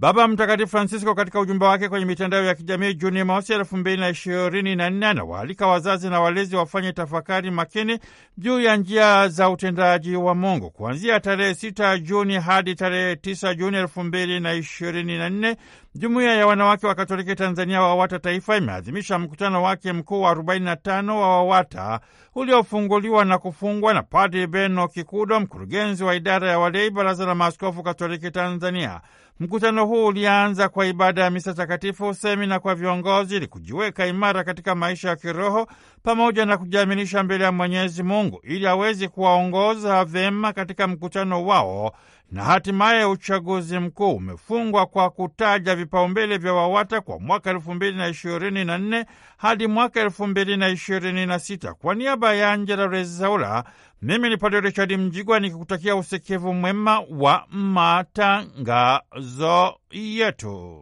Baba Mtakatifu Francisco katika ujumbe wake kwenye mitandao ya kijamii Juni mosi elfu mbili na ishirini na nne anawaalika wazazi na walezi wafanye tafakari makini juu ya njia za utendaji wa Mungu. Kuanzia tarehe sita Juni hadi tarehe tisa Juni elfu mbili na ishirini na nne Jumuiya ya wanawake wa Katoliki Tanzania WAWATA Taifa imeadhimisha mkutano wake mkuu wa 45 wa WAWATA uliofunguliwa na kufungwa na Padri Beno Kikudo, mkurugenzi wa idara ya walei, Baraza la Maaskofu Katoliki Tanzania. Mkutano huu ulianza kwa ibada ya misa takatifu, semina kwa viongozi ili kujiweka imara katika maisha ya kiroho pamoja na kujiaminisha mbele ya Mwenyezi Mungu ili aweze kuwaongoza vyema katika mkutano wao na hatimaye uchaguzi mkuu umefungwa kwa kutaja vipaumbele vya WAWATA kwa mwaka elfu mbili na ishirini na nne hadi mwaka elfu mbili na ishirini na sita. Kwa niaba ya Angela Rezaula, mimi ni Padre Richard Mjigwa nikikutakia usikivu mwema wa matangazo yetu.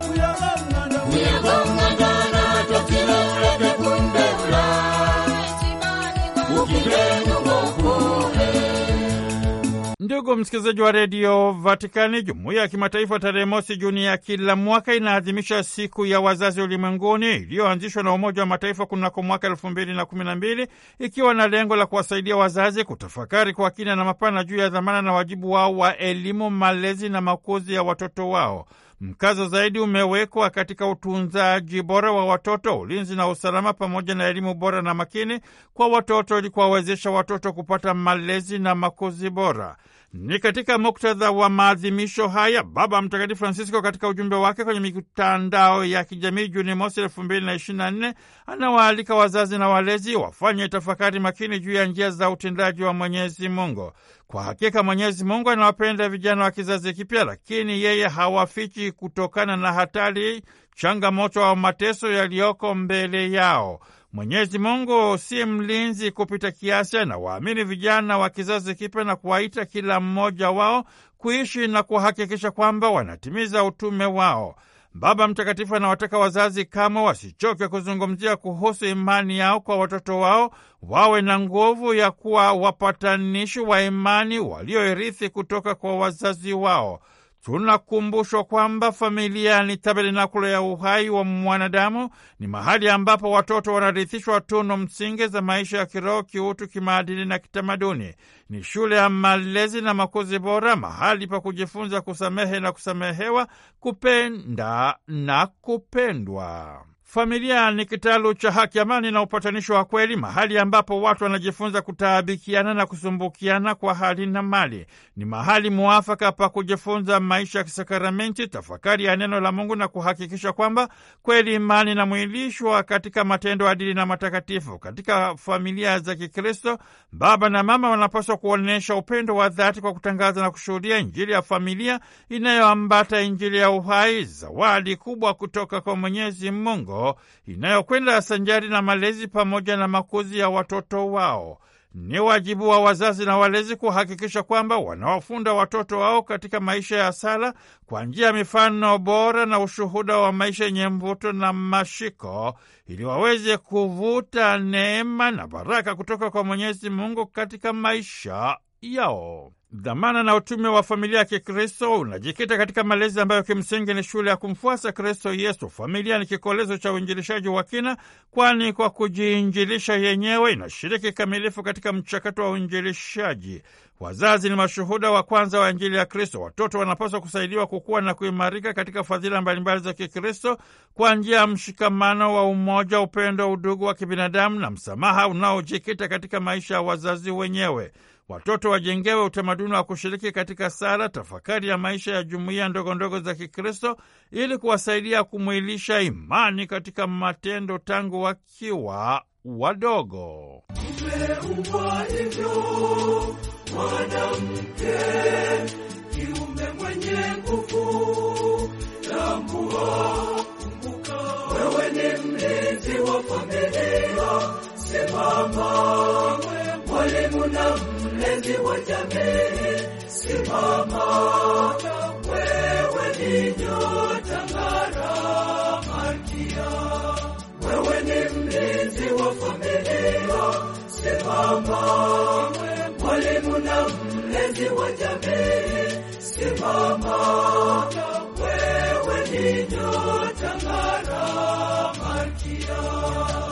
Ndugu msikilizaji wa redio Vatikani, jumuiya ya kimataifa tarehe mosi Juni ya kila mwaka inaadhimisha siku ya wazazi ulimwenguni iliyoanzishwa na Umoja wa Mataifa kunako mwaka elfu mbili na kumi na mbili ikiwa na lengo la kuwasaidia wazazi kutafakari kwa kina na mapana juu ya dhamana na wajibu wao wa elimu, malezi na makuzi ya watoto wao. Mkazo zaidi umewekwa katika utunzaji bora wa watoto, ulinzi na usalama, pamoja na elimu bora na makini kwa watoto ili kuwawezesha watoto kupata malezi na makuzi bora. Ni katika muktadha wa maadhimisho haya, Baba Mtakatifu Francisco katika ujumbe wake kwenye mitandao ya kijamii Juni mosi elfu mbili na ishirini na nne anawaalika wazazi na walezi wafanye tafakari makini juu ya njia za utendaji wa Mwenyezi Mungu. Kwa hakika Mwenyezi Mungu anawapenda vijana wa kizazi kipya, lakini yeye hawafichi kutokana na hatari, changamoto au mateso yaliyoko mbele yao. Mwenyezi Mungu si mlinzi kupita kiasi, anawaamini vijana wa kizazi kipya na kuwaita kila mmoja wao kuishi na kuhakikisha kwamba wanatimiza utume wao. Baba Mtakatifu anawataka wazazi kamwe wasichoke kuzungumzia kuhusu imani yao kwa watoto wao, wawe na nguvu ya kuwa wapatanishi wa imani walioirithi kutoka kwa wazazi wao. Tunakumbushwa kwamba familia ni tabernakulo ya uhai wa mwanadamu, ni mahali ambapo watoto wanarithishwa tunu msingi za maisha ya kiroho, kiutu, kimaadili na kitamaduni. Ni shule ya malezi na makuzi bora, mahali pa kujifunza kusamehe na kusamehewa, kupenda na kupendwa. Familia ni kitalu cha haki, amani na upatanisho wa kweli, mahali ambapo watu wanajifunza kutaabikiana na kusumbukiana kwa hali na mali. Ni mahali muafaka pa kujifunza maisha ya kisakaramenti, tafakari ya neno la Mungu na kuhakikisha kwamba kweli imani inamwilishwa katika matendo adili na matakatifu. Katika familia za Kikristo, baba na mama wanapaswa kuonyesha upendo wa dhati kwa kutangaza na kushuhudia Injili ya familia inayoambata Injili ya uhai, zawadi kubwa kutoka kwa Mwenyezi Mungu yao inayokwenda sanjari na malezi pamoja na makuzi ya watoto wao. Ni wajibu wa wazazi na walezi kuhakikisha kwamba wanawafunda watoto wao katika maisha ya sala kwa njia ya mifano bora na ushuhuda wa maisha yenye mvuto na mashiko, ili waweze kuvuta neema na baraka kutoka kwa Mwenyezi Mungu katika maisha yao. Dhamana na utume wa familia ya Kikristo unajikita katika malezi ambayo kimsingi ni shule ya kumfuasa Kristo Yesu. Familia ni kikolezo cha uinjilishaji wa kina, kwani kwa kujiinjilisha yenyewe inashiriki kikamilifu katika mchakato wa uinjilishaji. Wazazi ni mashuhuda wa kwanza wa Injili ya Kristo. Watoto wanapaswa kusaidiwa kukua na kuimarika katika fadhila mbalimbali za Kikristo kwa njia ya mshikamano wa umoja, upendo, udugu wa kibinadamu na msamaha unaojikita katika maisha ya wazazi wenyewe. Watoto wajengewe utamaduni wa kushiriki katika sala, tafakari ya maisha ya jumuiya ndogondogo za Kikristo ili kuwasaidia kumwilisha imani katika matendo tangu wakiwa wadogo. Mwanamke kiumbe mwenye nguvu, kumbuka wewe ni mlinzi wa familia, simama mwalimu na mlezi wa jamii, simama wewe, ni nyota ng'ara, malkia wewe, ni mlinzi wa familia, simama mwalimu na mlezi wa jamii, simama wewe, ni nyota ng'ara, malkia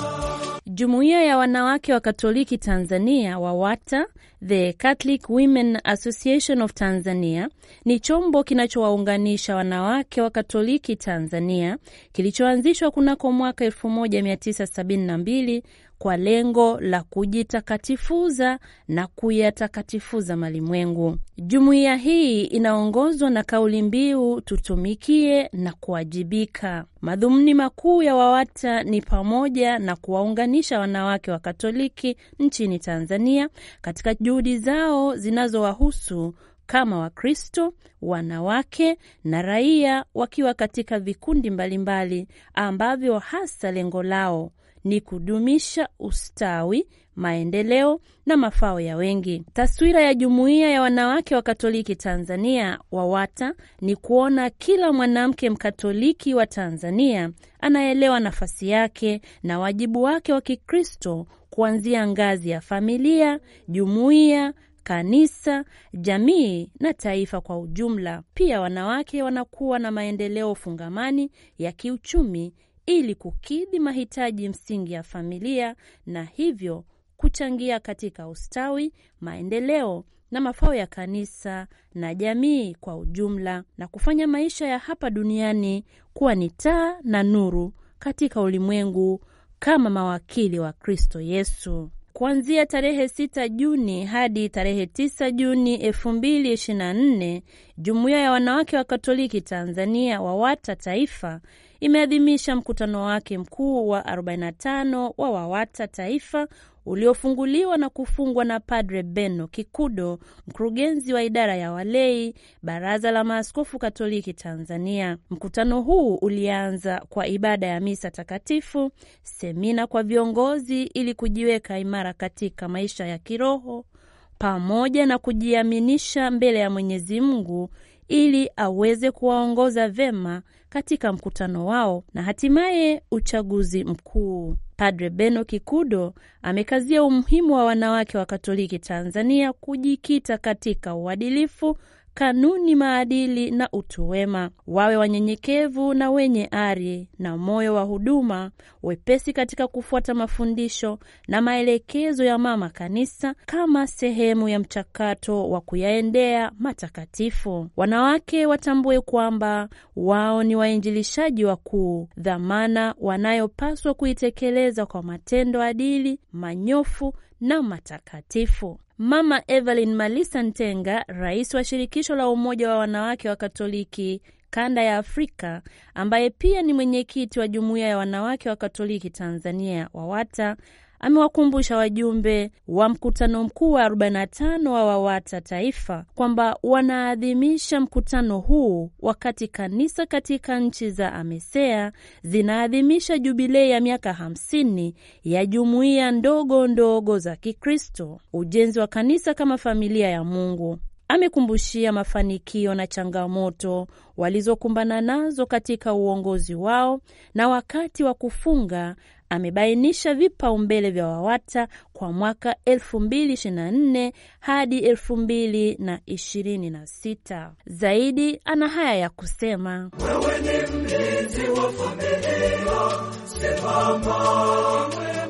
Jumuiya ya wanawake wa Katoliki Tanzania WAWATA, The Catholic Women Association of Tanzania, ni chombo kinachowaunganisha wanawake wa Katoliki Tanzania kilichoanzishwa kunako mwaka 1972 kwa lengo la kujitakatifuza na kuyatakatifuza malimwengu. Jumuiya hii inaongozwa na kauli mbiu tutumikie na kuwajibika. Madhumuni makuu ya WAWATA ni pamoja na kuwaunganisha wanawake wa Katoliki nchini Tanzania katika juhudi zao zinazowahusu kama Wakristo, wanawake na raia, wakiwa katika vikundi mbalimbali ambavyo hasa lengo lao ni kudumisha ustawi, maendeleo na mafao ya wengi. Taswira ya Jumuiya ya Wanawake wa Katoliki Tanzania WAWATA ni kuona kila mwanamke Mkatoliki wa Tanzania anaelewa nafasi yake na wajibu wake wa Kikristo kuanzia ngazi ya familia, jumuiya kanisa, jamii na taifa kwa ujumla. Pia wanawake wanakuwa na maendeleo fungamani ya kiuchumi, ili kukidhi mahitaji msingi ya familia na hivyo kuchangia katika ustawi, maendeleo na mafao ya kanisa na jamii kwa ujumla na kufanya maisha ya hapa duniani kuwa ni taa na nuru katika ulimwengu kama mawakili wa Kristo Yesu. Kuanzia tarehe 6 Juni hadi tarehe 9 Juni 2024, Jumuiya ya Wanawake wa Katoliki Tanzania, WAWATA Taifa imeadhimisha mkutano wake mkuu wa 45 wa WAWATA taifa uliofunguliwa na kufungwa na Padre beno Kikudo, mkurugenzi wa idara ya walei, Baraza la Maaskofu Katoliki Tanzania. Mkutano huu ulianza kwa ibada ya misa takatifu, semina kwa viongozi ili kujiweka imara katika maisha ya kiroho pamoja na kujiaminisha mbele ya Mwenyezi Mungu ili aweze kuwaongoza vema katika mkutano wao na hatimaye uchaguzi mkuu. Padre Beno Kikudo amekazia umuhimu wa wanawake wa Katoliki Tanzania kujikita katika uadilifu kanuni, maadili na utu wema. Wawe wanyenyekevu na wenye ari na moyo wa huduma, wepesi katika kufuata mafundisho na maelekezo ya Mama Kanisa kama sehemu ya mchakato wa kuyaendea matakatifu. Wanawake watambue kwamba wao ni wainjilishaji wakuu, dhamana wanayopaswa kuitekeleza kwa matendo adili, manyofu na matakatifu. Mama Evelyn Malisa Ntenga, rais wa shirikisho la umoja wa wanawake wa Katoliki kanda ya Afrika, ambaye pia ni mwenyekiti wa jumuiya ya wanawake wa Katoliki Tanzania WAWATA, amewakumbusha wajumbe wa mkutano mkuu wa 45 wa WAWATA taifa kwamba wanaadhimisha mkutano huu wakati kanisa katika nchi za AMESEA zinaadhimisha jubilei ya miaka 50 ya jumuiya ndogo ndogo za Kikristo, ujenzi wa kanisa kama familia ya Mungu. Amekumbushia mafanikio na changamoto walizokumbana nazo katika uongozi wao na wakati wa kufunga amebainisha vipaumbele vya WAWATA kwa mwaka 2024 hadi 2026. Zaidi ana haya ya kusema: wewe ni mlinzi wa familia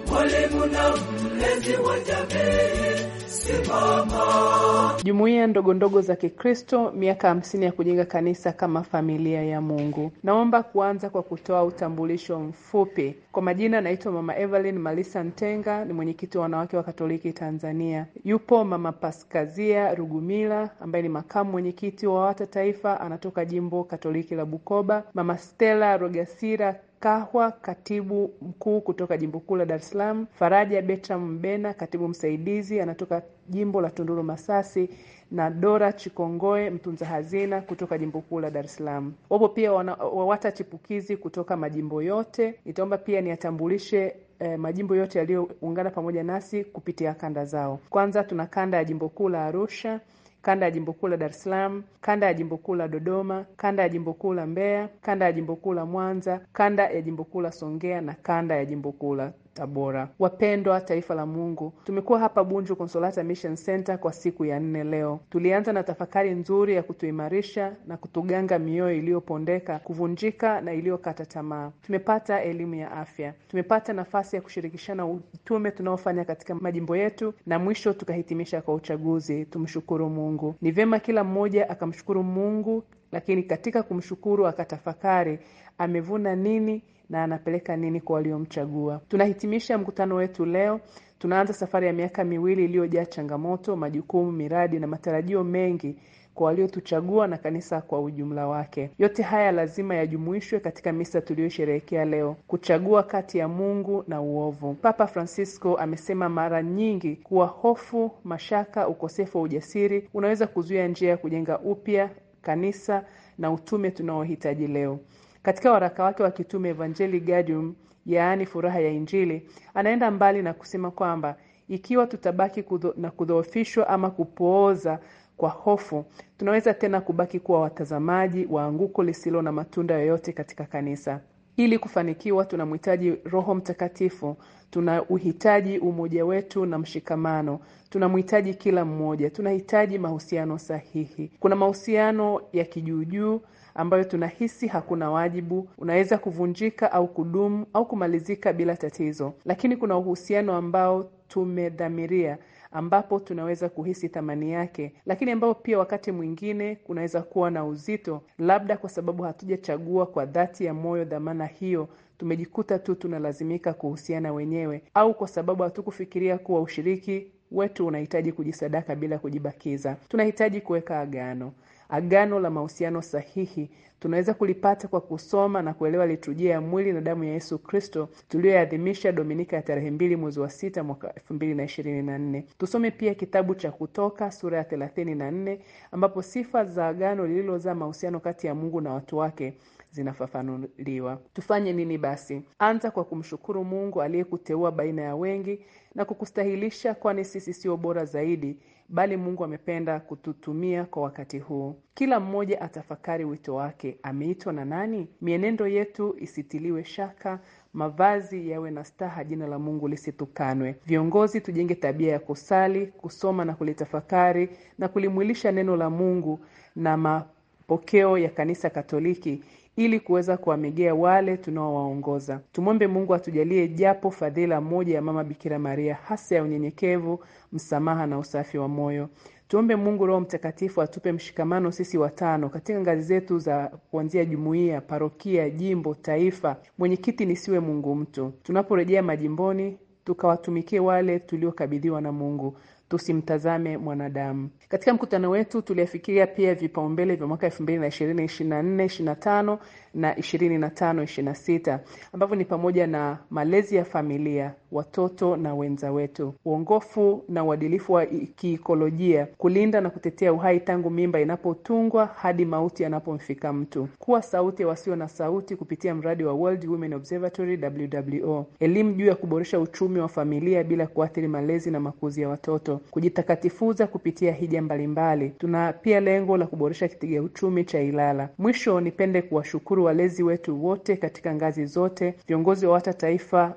mwalimu na mlezi wa jamii simama. Jumuiya ndogondogo za Kikristo, miaka hamsini ya kujenga kanisa kama familia ya Mungu. Naomba kuanza kwa kutoa utambulisho mfupi. Kwa majina, naitwa Mama Evelyn Malisa Ntenga, ni mwenyekiti wa wanawake wa Katoliki Tanzania. Yupo Mama Paskazia Rugumila ambaye ni makamu mwenyekiti wa WAWATA Taifa, anatoka jimbo Katoliki la Bukoba. Mama Stella Rogasira Kahwa, katibu mkuu kutoka jimbo kuu la Dar es Salaam, Faraja betram Mbena, katibu msaidizi anatoka jimbo la Tunduru Masasi, na Dora Chikongoe, mtunza hazina kutoka jimbo kuu la Dar es Salaam. Wapo pia WAWATA chipukizi kutoka majimbo yote. Nitaomba pia niyatambulishe eh, majimbo yote yaliyoungana pamoja nasi kupitia kanda zao. Kwanza tuna kanda ya jimbo kuu la Arusha kanda ya jimbo kuu la Dar es Salaam, kanda ya jimbo kuu la Dodoma, kanda ya jimbo kuu la Mbeya, kanda ya jimbo kuu la Mwanza, kanda ya jimbo kuu la Songea na kanda ya jimbo kuu la Tabora. Wapendwa taifa la Mungu, tumekuwa hapa Bunju Consolata Mission Center kwa siku ya nne leo. Tulianza na tafakari nzuri ya kutuimarisha na kutuganga mioyo iliyopondeka, kuvunjika na iliyokata tamaa. Tumepata elimu ya afya, tumepata nafasi ya kushirikishana utume tunaofanya katika majimbo yetu, na mwisho tukahitimisha kwa uchaguzi. Tumshukuru Mungu. Ni vyema kila mmoja akamshukuru Mungu, lakini katika kumshukuru akatafakari amevuna nini na anapeleka nini kwa waliomchagua. Tunahitimisha mkutano wetu leo. Tunaanza safari ya miaka miwili iliyojaa changamoto, majukumu, miradi na matarajio mengi kwa waliotuchagua na kanisa kwa ujumla wake. Yote haya lazima yajumuishwe katika misa tuliyosherehekea leo, kuchagua kati ya Mungu na uovu. Papa Francisco amesema mara nyingi kuwa hofu, mashaka, ukosefu wa ujasiri unaweza kuzuia njia ya kujenga upya kanisa na utume tunaohitaji leo. Katika waraka wake wa kitume Evangelii Gaudium, yaani furaha ya Injili, anaenda mbali na kusema kwamba ikiwa tutabaki kudho, na kudhoofishwa ama kupooza kwa hofu, tunaweza tena kubaki kuwa watazamaji wa anguko lisilo na matunda yoyote katika kanisa. Ili kufanikiwa, tunamhitaji Roho Mtakatifu, tunauhitaji umoja wetu na mshikamano, tunamhitaji kila mmoja, tunahitaji mahusiano sahihi. Kuna mahusiano ya kijuujuu ambayo tunahisi hakuna wajibu, unaweza kuvunjika au kudumu au kumalizika bila tatizo, lakini kuna uhusiano ambao tumedhamiria ambapo tunaweza kuhisi thamani yake, lakini ambapo pia wakati mwingine kunaweza kuwa na uzito, labda kwa sababu hatujachagua kwa dhati ya moyo dhamana hiyo tumejikuta tu tunalazimika kuhusiana wenyewe, au kwa sababu hatukufikiria kuwa ushiriki wetu unahitaji kujisadaka bila kujibakiza. Tunahitaji kuweka agano. Agano la mahusiano sahihi tunaweza kulipata kwa kusoma na kuelewa liturujia ya mwili na damu ya Yesu Kristo tuliyoadhimisha Dominika ya tarehe mbili mwezi wa sita mwaka elfu mbili na ishirini na nne. Tusome pia kitabu cha Kutoka sura ya thelathini na nne ambapo sifa za agano lililozaa mahusiano kati ya Mungu na watu wake zinafafanuliwa. Tufanye nini basi? Anza kwa kumshukuru Mungu aliyekuteua baina ya wengi na kukustahilisha, kwani sisi sio bora zaidi bali Mungu amependa kututumia kwa wakati huu. Kila mmoja atafakari wito wake, ameitwa na nani? Mienendo yetu isitiliwe shaka, mavazi yawe na staha, jina la Mungu lisitukanwe. Viongozi tujenge tabia ya kusali, kusoma na kulitafakari na kulimwilisha neno la Mungu na mapokeo ya Kanisa Katoliki ili kuweza kuwamegea wale tunaowaongoza. Tumwombe Mungu atujalie japo fadhila moja ya Mama Bikira Maria, hasa ya unyenyekevu, msamaha na usafi wa moyo. Tuombe Mungu Roho Mtakatifu atupe mshikamano sisi watano katika ngazi zetu za kuanzia jumuiya, parokia, jimbo, taifa. Mwenyekiti nisiwe Mungu mtu. Tunaporejea majimboni, tukawatumikie wale tuliokabidhiwa na Mungu tusimtazame mwanadamu. Katika mkutano wetu tuliafikiria pia vipaumbele vya mwaka elfu mbili na ishirini ishirini na nne ishirini na tano na ishirini na tano ishirini na sita ambavyo ni pamoja na malezi ya familia, watoto na wenza wetu, uongofu na uadilifu wa kiikolojia, kulinda na kutetea uhai tangu mimba inapotungwa hadi mauti yanapomfika mtu, kuwa sauti ya wasio na sauti kupitia mradi wa World Women Observatory WWO, elimu juu ya kuboresha uchumi wa familia bila kuathiri malezi na makuzi ya watoto, kujitakatifuza kupitia hija mbalimbali. Tuna pia lengo la kuboresha kitega uchumi cha Ilala. Mwisho, nipende kuwashukuru walezi wetu wote katika ngazi zote, viongozi wa WATA taifa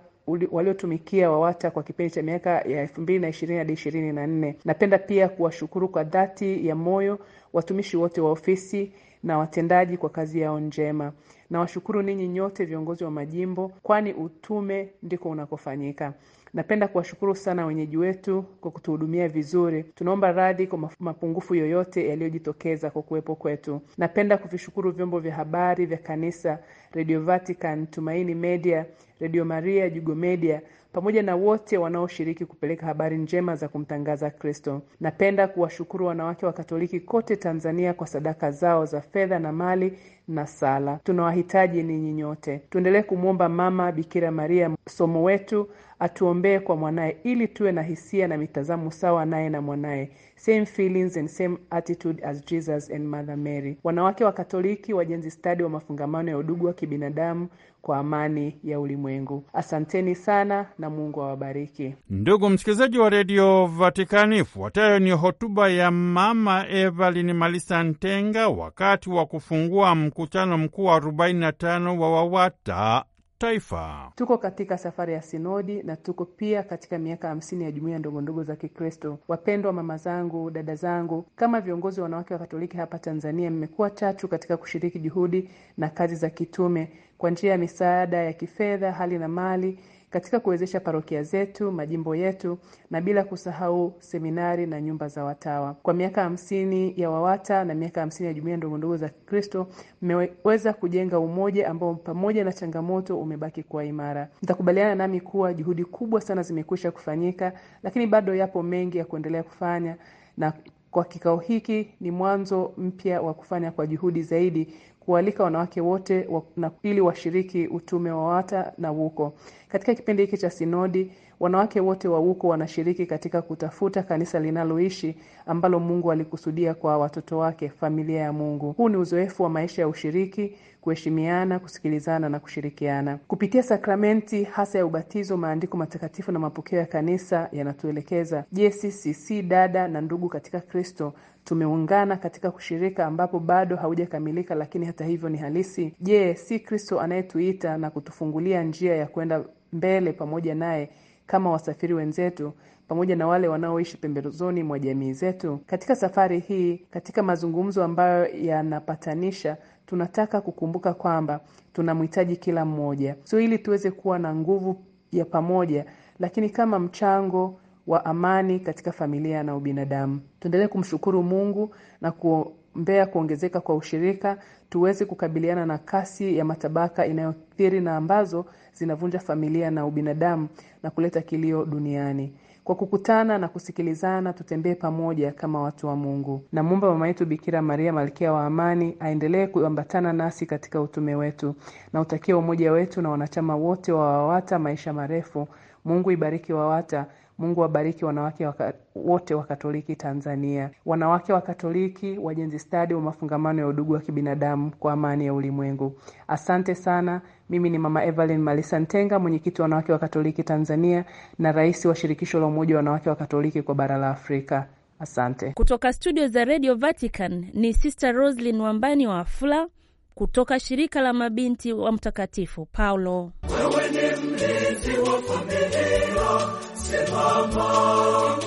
waliotumikia WAWATA kwa kipindi cha miaka ya elfu mbili na ishirini hadi ishirini na nne. Napenda pia kuwashukuru kwa dhati ya moyo watumishi wote wa ofisi na watendaji kwa kazi yao njema. Nawashukuru ninyi nyote viongozi wa majimbo, kwani utume ndiko unakofanyika. Napenda kuwashukuru sana wenyeji wetu kwa kutuhudumia vizuri. Tunaomba radhi kwa mapungufu yoyote yaliyojitokeza kwa kuwepo kwetu. Napenda kuvishukuru vyombo vya habari vya kanisa, Radio Vatican, Tumaini Media, Radio Maria, Jugo Media pamoja na wote wanaoshiriki kupeleka habari njema za kumtangaza Kristo. Napenda kuwashukuru wanawake wa Katoliki kote Tanzania kwa sadaka zao za fedha na mali na sala. Tunawahitaji ninyi nyote. Tuendelee kumwomba Mama Bikira Maria, somo wetu atuombee kwa mwanaye ili tuwe na hisia na mitazamo sawa naye na mwanaye, same feelings and same attitude as Jesus and Mother Mary. Wanawake wa Katoliki wajenzi stadi wa mafungamano ya udugu wa kibinadamu kwa amani ya ulimwengu. Asanteni sana na Mungu awabariki. Ndugu msikilizaji wa redio Vatikani, ifuatayo ni hotuba ya Mama Evelyn Malisa Ntenga wakati wa kufungua mkutano mkuu wa 45 wa WAWATA taifa. Tuko katika safari ya sinodi na tuko pia katika miaka hamsini ya jumuiya ndogondogo za Kikristo. Wapendwa mama zangu, dada zangu, kama viongozi wa wanawake wa Katoliki hapa Tanzania, mmekuwa chachu katika kushiriki juhudi na kazi za kitume kwa njia ya misaada ya kifedha, hali na mali katika kuwezesha parokia zetu, majimbo yetu na bila kusahau seminari na nyumba za watawa. Kwa miaka hamsini ya WAWATA na miaka hamsini ya jumuiya ndogondogo za Kristo, mmeweza kujenga umoja ambao pamoja na changamoto umebaki kuwa imara. Mtakubaliana nami kuwa juhudi kubwa sana zimekwisha kufanyika, lakini bado yapo mengi ya kuendelea kufanya na kwa kikao hiki ni mwanzo mpya wa kufanya kwa juhudi zaidi kualika wanawake wote wa, na, ili washiriki utume wa WATA na WUKO. Katika kipindi hiki cha sinodi, wanawake wote wa WUKO wanashiriki katika kutafuta kanisa linaloishi ambalo Mungu alikusudia kwa watoto wake, familia ya Mungu. Huu ni uzoefu wa maisha ya ushiriki, kuheshimiana, kusikilizana na kushirikiana kupitia sakramenti hasa ya ubatizo. Maandiko matakatifu na mapokeo ya kanisa yanatuelekeza je, sisi si dada na ndugu katika Kristo tumeungana katika kushirika ambapo bado haujakamilika, lakini hata hivyo ni halisi. Je, si Kristo anayetuita na kutufungulia njia ya kwenda mbele pamoja naye kama wasafiri wenzetu pamoja na wale wanaoishi pembezoni mwa jamii zetu. Katika safari hii, katika mazungumzo ambayo yanapatanisha, tunataka kukumbuka kwamba tunamhitaji kila mmoja, sio ili tuweze kuwa na nguvu ya pamoja, lakini kama mchango wa amani katika familia na ubinadamu. Tuendelee kumshukuru Mungu na kuombea kuongezeka kwa ushirika, tuweze kukabiliana na kasi ya matabaka inayothiri na ambazo zinavunja familia na ubinadamu na kuleta kilio duniani. Kwa kukutana na kusikilizana, tutembee pamoja kama watu wa Mungu. Namwomba mama yetu Bikira Maria, malkia wa amani, aendelee kuambatana nasi katika utume wetu na utakia umoja wetu na wanachama wote wa WAWATA maisha marefu. Mungu ibariki WAWATA Mungu wabariki wanawake waka, wote wa Katoliki Tanzania, wanawake wa Katoliki wajenzi stadi wa mafungamano ya udugu wa kibinadamu kwa amani ya ulimwengu. Asante sana. Mimi ni Mama Evelyn Malisa Ntenga, mwenyekiti wa wanawake wa Katoliki Tanzania na rais wa shirikisho la umoja wa wanawake wa Katoliki kwa bara la Afrika. Asante. Kutoka studio za Radio Vatican ni Sister Roslyn Wambani wa Afula kutoka shirika la mabinti wa Mtakatifu Paulo. Wewe ni mlinzi wa familia Simama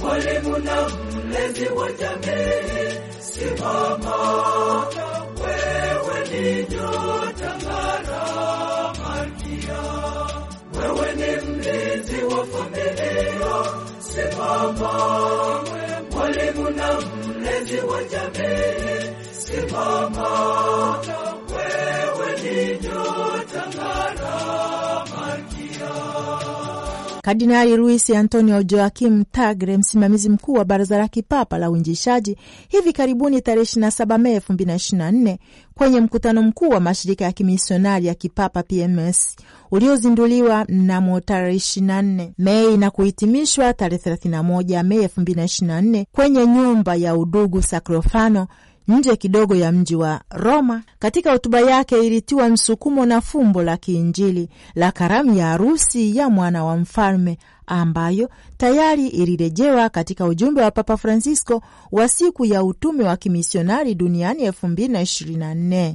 mwalimu na mlezi wa jamii, simama wewe ni nyota ng'ara, Malkia wewe ni mlezi wa familia, simama mwalimu na mlezi wa jamii, simama wewe ni nyota ng'ara Kardinali Luis Antonio Joakim Tagre, msimamizi mkuu wa baraza la kipapa la uinjishaji, hivi karibuni tarehe 27 Mei 2024 kwenye mkutano mkuu wa mashirika ya kimisionari ya kipapa PMS uliozinduliwa mnamo tarehe 24 Mei na kuhitimishwa tarehe 31 Mei 2024 kwenye nyumba ya udugu Sacrofano nje kidogo ya mji wa Roma. Katika hotuba yake ilitiwa msukumo na fumbo la kiinjili la karamu ya harusi ya mwana wa mfalme ambayo tayari ilirejewa katika ujumbe wa Papa Francisco wa siku ya utume wa kimisionari duniani 2024.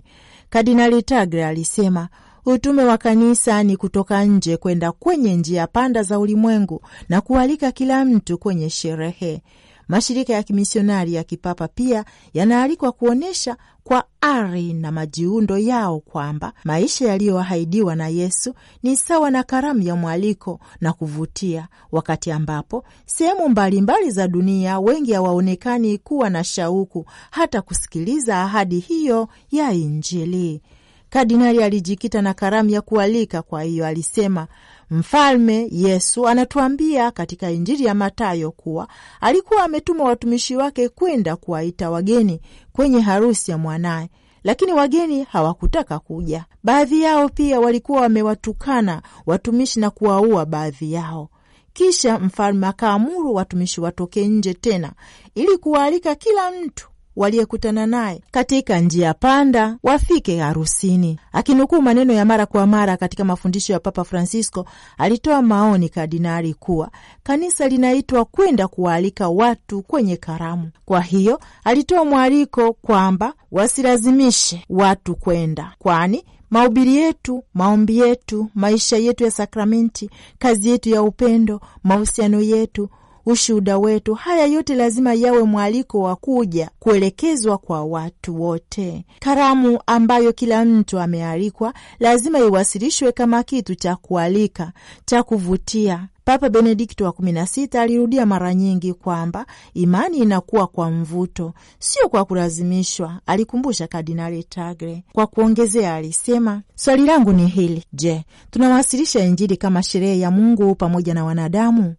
Kardinali Tagle alisema utume wa kanisa ni kutoka nje kwenda kwenye njia panda za ulimwengu na kualika kila mtu kwenye sherehe Mashirika ya kimisionari ya kipapa pia yanaalikwa kuonyesha kwa ari na majiundo yao kwamba maisha yaliyoahidiwa na Yesu ni sawa na karamu ya mwaliko na kuvutia, wakati ambapo sehemu mbalimbali za dunia wengi hawaonekani kuwa na shauku hata kusikiliza ahadi hiyo ya Injili. Kardinali alijikita na karamu ya kualika. Kwa hiyo alisema Mfalme Yesu anatuambia katika Injili ya matayo kuwa alikuwa ametuma watumishi wake kwenda kuwaita wageni kwenye harusi ya mwanaye, lakini wageni hawakutaka kuja. Baadhi yao pia walikuwa wamewatukana watumishi na kuwaua baadhi yao. Kisha mfalme akaamuru watumishi watoke nje tena ili kuwaalika kila mtu waliyekutana naye katika njia panda wafike harusini. Akinukuu maneno ya mara kwa mara katika mafundisho ya Papa Francisco, alitoa maoni kardinali kuwa kanisa linaitwa kwenda kuwaalika watu kwenye karamu. Kwa hiyo alitoa mwaliko kwamba wasilazimishe watu kwenda, kwani mahubiri yetu, maombi yetu, maisha yetu ya sakramenti, kazi yetu ya upendo, mahusiano yetu ushuhuda wetu. Haya yote lazima yawe mwaliko wa kuja kuelekezwa kwa watu wote. Karamu ambayo kila mtu amealikwa lazima iwasilishwe kama kitu cha kualika cha kuvutia. Papa Benedikto wa kumi na sita alirudia mara nyingi kwamba imani inakuwa kwa mvuto, sio kwa kulazimishwa, alikumbusha Kardinali Tagle. Kwa kuongezea, alisema swali langu ni hili: je, tunawasilisha Injili kama sherehe ya Mungu pamoja na wanadamu?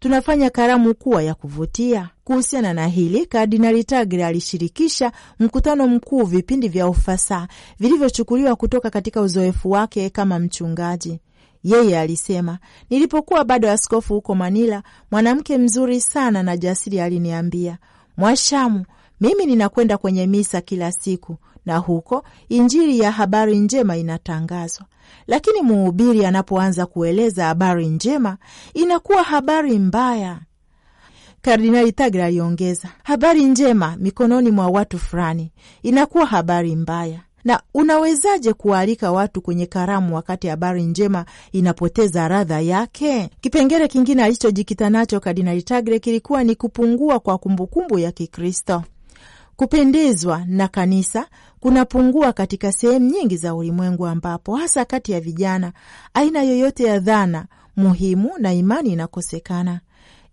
tunafanya karamu kuwa ya kuvutia. Kuhusiana na hili, Kardinali Tagre alishirikisha mkutano mkuu vipindi vya ufasaha vilivyochukuliwa kutoka katika uzoefu wake kama mchungaji. Yeye alisema, nilipokuwa bado askofu huko Manila, mwanamke mzuri sana na jasiri aliniambia, Mwashamu, mimi ninakwenda kwenye misa kila siku na huko Injili ya habari njema inatangazwa. Lakini mhubiri anapoanza kueleza habari njema, inakuwa habari mbaya. Kardinali Tagle aliongeza, habari njema mikononi mwa watu fulani inakuwa habari mbaya. Na unawezaje kuwaalika watu kwenye karamu wakati habari njema inapoteza radha yake? Kipengele kingine alichojikita nacho Kardinali Tagle kilikuwa ni kupungua kwa kumbukumbu ya Kikristo, kupendezwa na kanisa, kunapungua katika sehemu nyingi za ulimwengu, ambapo hasa kati ya vijana aina yoyote ya dhana muhimu na imani inakosekana.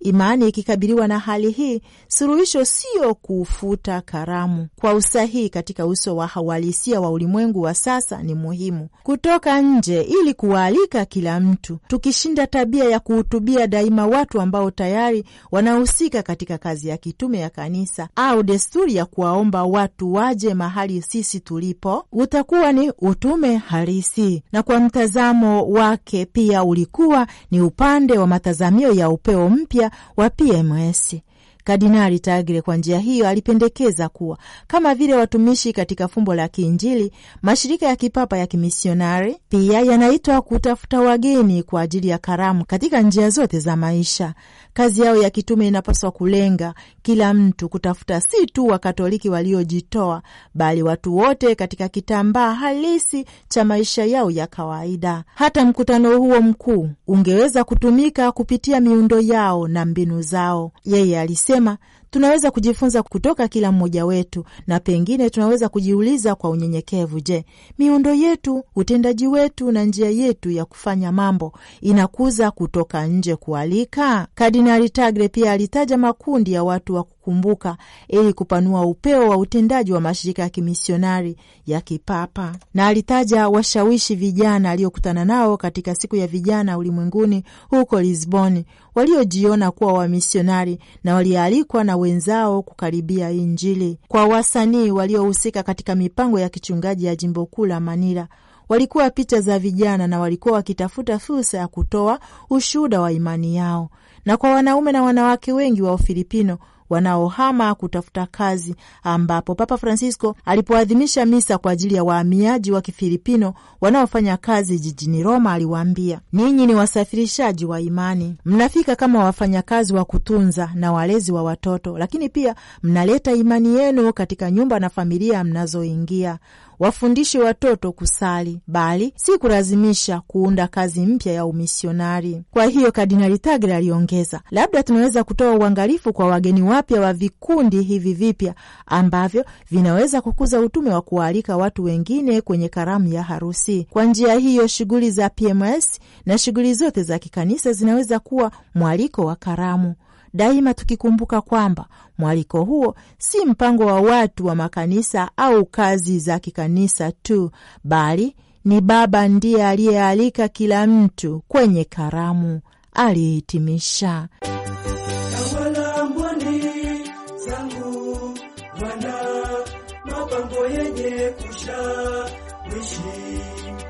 Imani ikikabiliwa na hali hii, suluhisho sio kufuta karamu kwa usahihi katika uso wa uhalisia wa ulimwengu wa sasa. Ni muhimu kutoka nje ili kuwaalika kila mtu, tukishinda tabia ya kuhutubia daima watu ambao tayari wanahusika katika kazi ya kitume ya kanisa, au desturi ya kuwaomba watu waje mahali sisi tulipo, utakuwa ni utume halisi, na kwa mtazamo wake pia ulikuwa ni upande wa matazamio ya upeo mpya wa PMS. Kardinali Tagle kwa njia hiyo alipendekeza kuwa kama vile watumishi katika fumbo la kiinjili, mashirika ya kipapa ya kimisionari pia yanaitwa kutafuta wageni kwa ajili ya karamu katika njia zote za maisha. Kazi yao ya kitume inapaswa kulenga kila mtu, kutafuta si tu Wakatoliki waliojitoa, bali watu wote katika kitambaa halisi cha maisha yao ya kawaida. Hata mkutano huo mkuu ungeweza kutumika kupitia miundo yao na mbinu zao, yeye alisema. 对吗 Tunaweza kujifunza kutoka kila mmoja wetu, na pengine tunaweza kujiuliza kwa unyenyekevu, je, miundo yetu, utendaji wetu na njia yetu ya kufanya mambo inakuza kutoka nje kualika? Kardinali Tagre pia alitaja makundi ya watu wa kukumbuka ili kupanua upeo wa utendaji wa mashirika ya kimisionari ya kipapa, na alitaja washawishi vijana aliokutana nao katika siku ya vijana ulimwenguni huko Lisboni, waliojiona kuwa wamisionari na walialikwa na wenzao kukaribia Injili. Kwa wasanii waliohusika katika mipango ya kichungaji ya jimbo kuu la Manila walikuwa picha za vijana na walikuwa wakitafuta fursa ya kutoa ushuhuda wa imani yao, na kwa wanaume na wanawake wengi wa Ufilipino wanaohama kutafuta kazi, ambapo Papa Francisco alipoadhimisha misa kwa ajili ya wahamiaji wa Kifilipino wanaofanya kazi jijini Roma aliwaambia, ninyi ni wasafirishaji wa imani, mnafika kama wafanyakazi wa kutunza na walezi wa watoto, lakini pia mnaleta imani yenu katika nyumba na familia mnazoingia wafundishe watoto kusali, bali si kulazimisha kuunda kazi mpya ya umisionari. Kwa hiyo, Kardinali Tagle aliongeza, labda tunaweza kutoa uangalifu kwa wageni wapya wa vikundi hivi vipya ambavyo vinaweza kukuza utume wa kuwaalika watu wengine kwenye karamu ya harusi. Kwa njia hiyo, shughuli za PMS na shughuli zote za kikanisa zinaweza kuwa mwaliko wa karamu daima tukikumbuka kwamba mwaliko huo si mpango wa watu wa makanisa au kazi za kikanisa tu, bali ni Baba ndiye aliyealika kila mtu kwenye karamu, aliyehitimisha.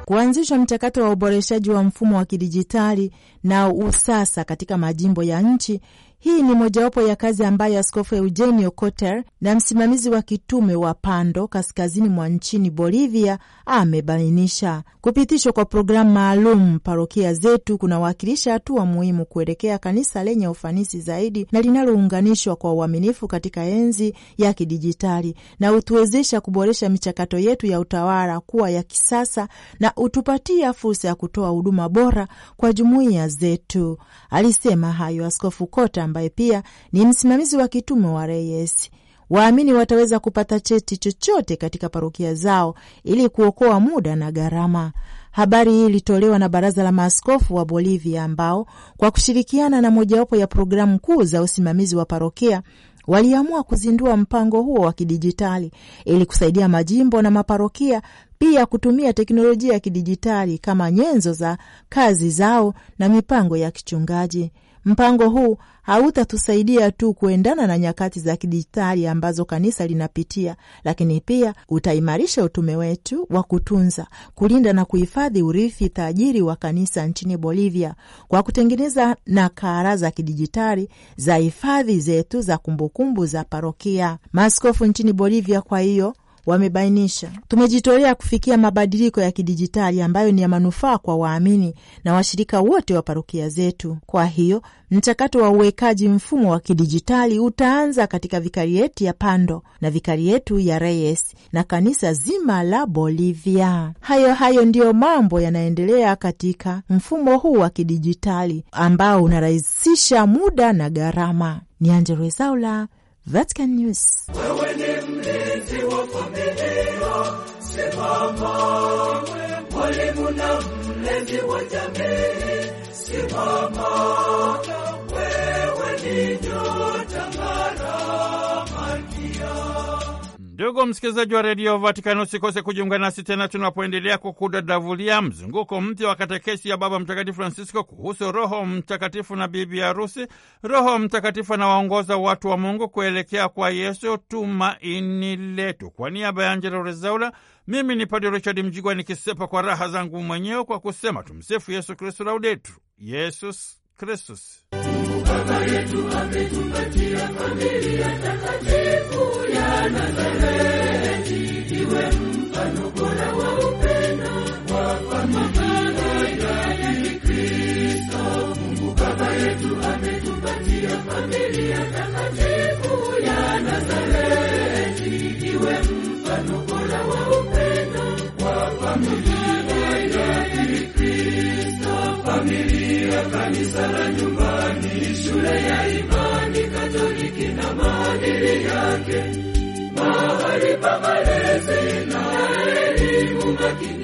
Kuanzishwa mchakato wa uboreshaji wa mfumo wa kidijitali na usasa katika majimbo ya nchi hii ni mojawapo ya kazi ambayo Askofu Eugenio Cotter na msimamizi wa kitume wa Pando kaskazini mwa nchini Bolivia amebainisha. Kupitishwa kwa programu maalum parokia zetu kunawakilisha hatua muhimu kuelekea kanisa lenye ufanisi zaidi na linalounganishwa kwa uaminifu katika enzi ya kidijitali, na hutuwezesha kuboresha michakato yetu ya utawala kuwa ya kisasa na hutupatia fursa ya kutoa huduma bora kwa jumuiya zetu. Alisema hayo Askofu Cotter ambaye pia ni msimamizi wa kitume wa Reyes. Waamini wataweza kupata cheti chochote katika parokia zao ili kuokoa muda na gharama. Habari hii ilitolewa na Baraza la Maaskofu wa Bolivia, ambao kwa kushirikiana na mojawapo ya programu kuu za usimamizi wa parokia waliamua kuzindua mpango huo wa kidijitali ili kusaidia majimbo na maparokia pia kutumia teknolojia ya kidijitali kama nyenzo za kazi zao na mipango ya kichungaji. Mpango huu hautatusaidia tu kuendana na nyakati za kidijitali ambazo kanisa linapitia, lakini pia utaimarisha utume wetu wa kutunza, kulinda na kuhifadhi urithi tajiri wa kanisa nchini Bolivia kwa kutengeneza nakala za kidijitali za hifadhi zetu za kumbukumbu za parokia. Maaskofu nchini Bolivia kwa hiyo wamebainisha, tumejitolea kufikia mabadiliko ya kidijitali ambayo ni ya manufaa kwa waamini na washirika wote wa parokia zetu. Kwa hiyo mchakato wa uwekaji mfumo wa kidijitali utaanza katika vikarieti ya Pando na yetu ya Reyes na kanisa zima la Bolivia. Hayo hayo ndiyo mambo yanaendelea katika mfumo huu wa kidijitali ambao unarahisisha muda na gharama. Ni Angella Rwezaula, Vatican News. simama. Wewe ni Ndugu msikilizaji wa redio Vatikani, usikose kujiunga nasi tena tunapoendelea kukudadavulia mzunguko mpya wa katekesi ya Baba Mtakatifu Francisco kuhusu Roho Mtakatifu na bibi harusi. Roho Mtakatifu anawaongoza watu wa Mungu kuelekea kwa Yesu, tumaini letu. Kwa niaba ya Angela Rezaula, mimi ni Padre Richard Mjigwa nikisepa kwa raha zangu mwenyewe kwa kusema tumsifu Yesu Kristu, laudetu Yesus Kristus. Baba yetu ametupatia familia takatifu ya Nazareti, iwe mfano bora wa upendo kwa familia ya Kristo. Mungu Baba yetu ametupatia familia takatifu ya Nazareti, iwe mfano bora wa upendo kwa familia ya Kristo, familia ya kanisa la nyumbani, shule ya imani Katoliki na maadili yake, mahali pa malezi na elimu makini.